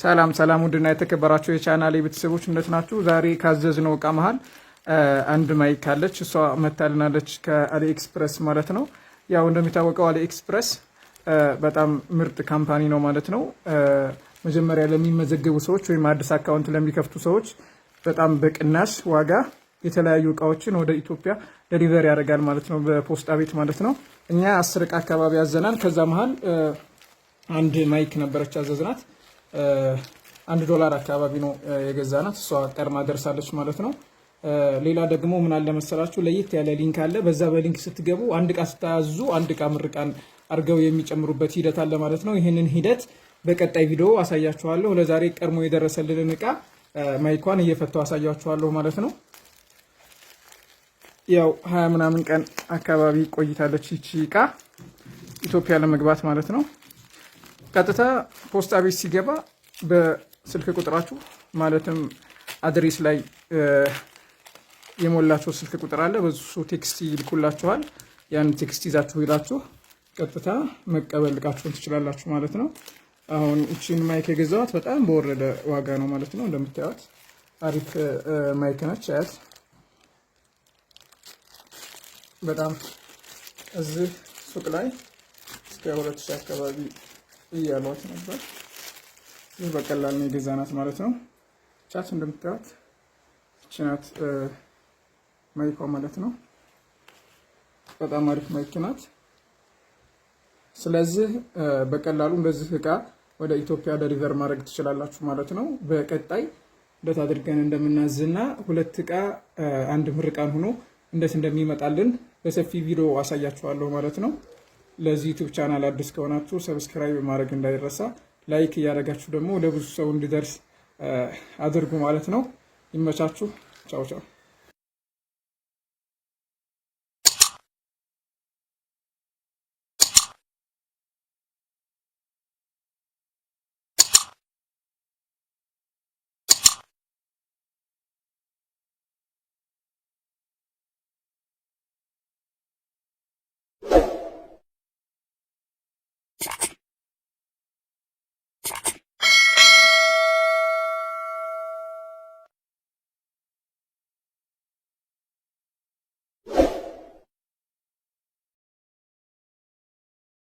ሰላም ሰላም፣ ውድና የተከበራችሁ የቻናል ቤተሰቦች እንደት ናችሁ? ዛሬ ካዘዝነው እቃ መሀል አንድ ማይክ አለች። እሷ መታልናለች ከአሊ ኤክስፕረስ ማለት ነው። ያው እንደሚታወቀው አሊ ኤክስፕረስ በጣም ምርጥ ካምፓኒ ነው ማለት ነው። መጀመሪያ ለሚመዘገቡ ሰዎች ወይም አዲስ አካውንት ለሚከፍቱ ሰዎች በጣም በቅናሽ ዋጋ የተለያዩ እቃዎችን ወደ ኢትዮጵያ ደሊቨር ያደርጋል ማለት ነው፣ በፖስታ ቤት ማለት ነው። እኛ አስር እቃ አካባቢ ያዘናል። ከዛ መሀል አንድ ማይክ ነበረች አዘዝናት። አንድ ዶላር አካባቢ ነው የገዛናት። እሷ ቀድማ ደርሳለች ማለት ነው። ሌላ ደግሞ ምን አለ መሰላችሁ ለየት ያለ ሊንክ አለ። በዛ በሊንክ ስትገቡ አንድ እቃ ስታያዙ አንድ እቃ ምርቃን አድርገው የሚጨምሩበት ሂደት አለ ማለት ነው። ይህንን ሂደት በቀጣይ ቪዲዮ አሳያችኋለሁ። ለዛሬ ቀድሞ የደረሰልንን እቃ ማይኳን እየፈተው አሳያችኋለሁ ማለት ነው። ያው ሀያ ምናምን ቀን አካባቢ ቆይታለች ይቺ እቃ ኢትዮጵያ ለመግባት ማለት ነው። ቀጥታ ፖስታ ቤት ሲገባ በስልክ ቁጥራችሁ ማለትም አድሬስ ላይ የሞላችሁ ስልክ ቁጥር አለ። በሱ ቴክስት ይልኩላችኋል። ያን ቴክስት ይዛችሁ ሄዳችሁ ቀጥታ መቀበል እቃችሁን ትችላላችሁ ማለት ነው። አሁን እቺን ማይክ የገዛዋት በጣም በወረደ ዋጋ ነው ማለት ነው። እንደምታዩት አሪፍ ማይክ ነች። አያት በጣም እዚህ ሱቅ ላይ እስከ ሁለት ሺህ አካባቢ እያሏት ነበር። ይህ በቀላል ነው የገዛናት ማለት ነው። ቻች እንደምታዩት ችናት መይኳ ማለት ነው። በጣም አሪፍ መኪናት። ስለዚህ በቀላሉ በዚህ እቃ ወደ ኢትዮጵያ ደሪቨር ማድረግ ትችላላችሁ ማለት ነው። በቀጣይ እንደት አድርገን እንደምናዝና ሁለት እቃ አንድ ምርቃን ሆኖ እንደት እንደሚመጣልን በሰፊ ቪዲዮ አሳያችኋለሁ ማለት ነው። ለዚህ ዩቱብ ቻናል አዲስ ከሆናችሁ ሰብስክራይብ ማድረግ እንዳይረሳ፣ ላይክ እያደረጋችሁ ደግሞ ለብዙ ሰው እንዲደርስ አድርጉ ማለት ነው። ይመቻችሁ። ቻው ቻው።